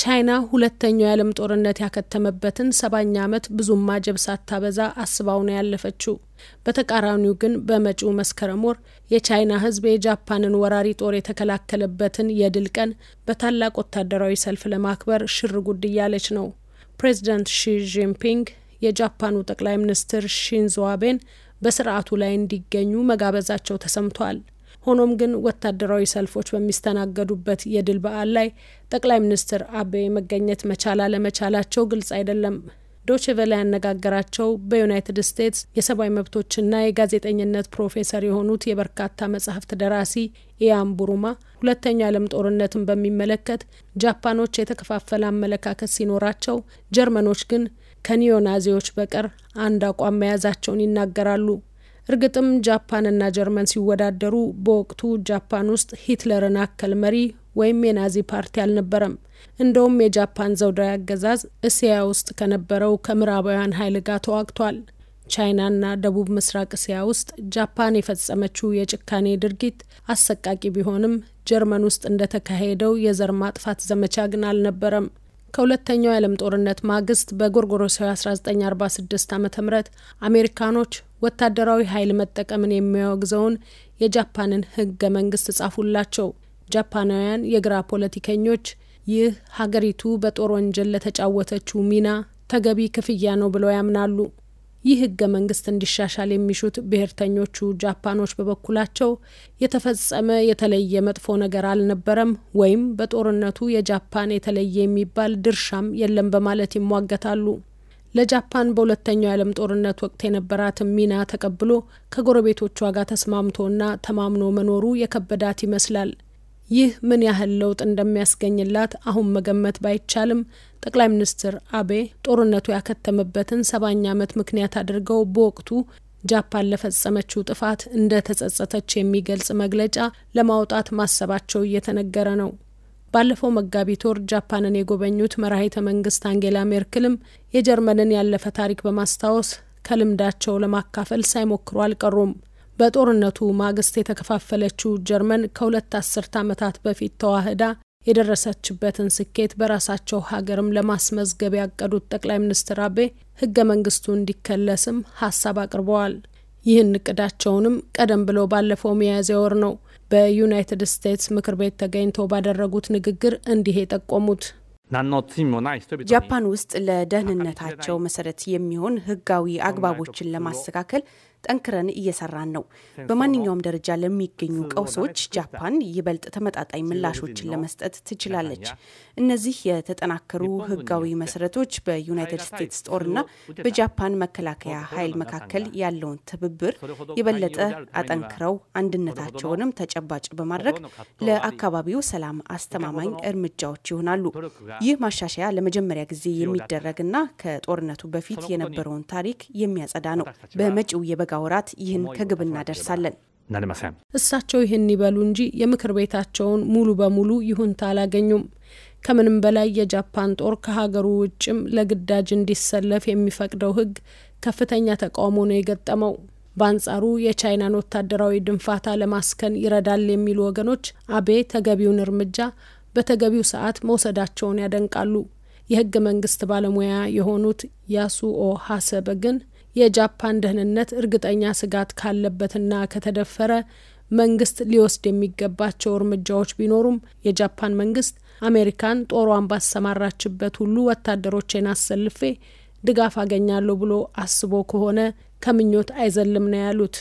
ቻይና ሁለተኛው የዓለም ጦርነት ያከተመበትን ሰባኛ ዓመት ብዙም ማጀብ ሳታበዛ አስባው ነው ያለፈችው። በተቃራኒው ግን በመጪው መስከረም ወር የቻይና ሕዝብ የጃፓንን ወራሪ ጦር የተከላከለበትን የድል ቀን በታላቅ ወታደራዊ ሰልፍ ለማክበር ሽር ጉድ እያለች ነው። ፕሬዚዳንት ሺ ጂንፒንግ የጃፓኑ ጠቅላይ ሚኒስትር ሺንዞ አቤን በስርዓቱ ላይ እንዲገኙ መጋበዛቸው ተሰምቷል። ሆኖም ግን ወታደራዊ ሰልፎች በሚስተናገዱበት የድል በዓል ላይ ጠቅላይ ሚኒስትር አበይ መገኘት መቻል አለመቻላቸው ግልጽ አይደለም። ዶቼ ያነጋገራቸው በዩናይትድ ስቴትስ የሰብአዊ መብቶችና የጋዜጠኝነት ፕሮፌሰር የሆኑት የበርካታ መጽሐፍት ደራሲ ኢያም ቡሩማ ሁለተኛው የዓለም ጦርነትን በሚመለከት ጃፓኖች የተከፋፈለ አመለካከት ሲኖራቸው፣ ጀርመኖች ግን ከኒዮናዚዎች በቀር አንድ አቋም መያዛቸውን ይናገራሉ። እርግጥም ጃፓንና ጀርመን ሲወዳደሩ በወቅቱ ጃፓን ውስጥ ሂትለርን አከል መሪ ወይም የናዚ ፓርቲ አልነበረም። እንደውም የጃፓን ዘውዳዊ አገዛዝ እስያ ውስጥ ከነበረው ከምዕራባውያን ኃይል ጋር ተዋግቷል። ቻይናና ደቡብ ምስራቅ እስያ ውስጥ ጃፓን የፈጸመችው የጭካኔ ድርጊት አሰቃቂ ቢሆንም ጀርመን ውስጥ እንደተካሄደው የዘር ማጥፋት ዘመቻ ግን አልነበረም። ከሁለተኛው የዓለም ጦርነት ማግስት በጎርጎሮሳዊ 1946 ዓ ም አሜሪካኖች ወታደራዊ ኃይል መጠቀምን የሚያወግዘውን የጃፓንን ህገ መንግስት ጻፉላቸው። ጃፓናውያን የግራ ፖለቲከኞች ይህ ሀገሪቱ በጦር ወንጀል ለተጫወተችው ሚና ተገቢ ክፍያ ነው ብለው ያምናሉ። ይህ ህገ መንግስት እንዲሻሻል የሚሹት ብሔርተኞቹ ጃፓኖች በበኩላቸው የተፈጸመ የተለየ መጥፎ ነገር አልነበረም ወይም በጦርነቱ የጃፓን የተለየ የሚባል ድርሻም የለም በማለት ይሟገታሉ። ለጃፓን በሁለተኛው የዓለም ጦርነት ወቅት የነበራትን ሚና ተቀብሎ ከጎረቤቶቿ ጋር ተስማምቶና ተማምኖ መኖሩ የከበዳት ይመስላል። ይህ ምን ያህል ለውጥ እንደሚያስገኝላት አሁን መገመት ባይቻልም ጠቅላይ ሚኒስትር አቤ ጦርነቱ ያከተመበትን ሰባኛ ዓመት ምክንያት አድርገው በወቅቱ ጃፓን ለፈጸመችው ጥፋት እንደ ተጸጸተች የሚገልጽ መግለጫ ለማውጣት ማሰባቸው እየተነገረ ነው። ባለፈው መጋቢት ወር ጃፓንን የጎበኙት መራሄተ መንግስት አንጌላ ሜርክልም የጀርመንን ያለፈ ታሪክ በማስታወስ ከልምዳቸው ለማካፈል ሳይሞክሩ አልቀሩም። በጦርነቱ ማግስት የተከፋፈለችው ጀርመን ከሁለት አስርት ዓመታት በፊት ተዋህዳ የደረሰችበትን ስኬት በራሳቸው ሀገርም ለማስመዝገብ ያቀዱት ጠቅላይ ሚኒስትር አቤ ህገ መንግስቱ እንዲከለስም ሀሳብ አቅርበዋል። ይህን እቅዳቸውንም ቀደም ብሎ ባለፈው ሚያዝያ ወር ነው በዩናይትድ ስቴትስ ምክር ቤት ተገኝተው ባደረጉት ንግግር እንዲህ የጠቆሙት። ጃፓን ውስጥ ለደህንነታቸው መሰረት የሚሆን ህጋዊ አግባቦችን ለማስተካከል ጠንክረን እየሰራን ነው። በማንኛውም ደረጃ ለሚገኙ ቀውሶች ጃፓን ይበልጥ ተመጣጣኝ ምላሾችን ለመስጠት ትችላለች። እነዚህ የተጠናከሩ ህጋዊ መሰረቶች በዩናይትድ ስቴትስ ጦርና በጃፓን መከላከያ ኃይል መካከል ያለውን ትብብር የበለጠ አጠንክረው አንድነታቸውንም ተጨባጭ በማድረግ ለአካባቢው ሰላም አስተማማኝ እርምጃዎች ይሆናሉ። ይህ ማሻሻያ ለመጀመሪያ ጊዜ የሚደረግና ከጦርነቱ በፊት የነበረውን ታሪክ የሚያጸዳ ነው። በመጪው የበጋ ወራት ይህን ከግብ እናደርሳለን። እሳቸው ይህን ይበሉ እንጂ የምክር ቤታቸውን ሙሉ በሙሉ ይሁንታ አላገኙም። ከምንም በላይ የጃፓን ጦር ከሀገሩ ውጭም ለግዳጅ እንዲሰለፍ የሚፈቅደው ሕግ ከፍተኛ ተቃውሞ ነው የገጠመው። በአንጻሩ የቻይናን ወታደራዊ ድንፋታ ለማስከን ይረዳል የሚሉ ወገኖች አቤ ተገቢውን እርምጃ በተገቢው ሰዓት መውሰዳቸውን ያደንቃሉ። የህገ መንግስት ባለሙያ የሆኑት ያሱኦ ሀሰበ ግን የጃፓን ደህንነት እርግጠኛ ስጋት ካለበትና ከተደፈረ መንግስት ሊወስድ የሚገባቸው እርምጃዎች ቢኖሩም የጃፓን መንግስት አሜሪካን ጦሯን ባሰማራችበት ሁሉ ወታደሮቼን አሰልፌ ድጋፍ አገኛለሁ ብሎ አስቦ ከሆነ ከምኞት አይዘልም ነው ያሉት።